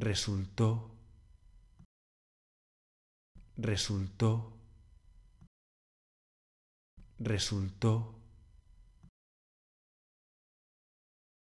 resultó, resultó, resultó.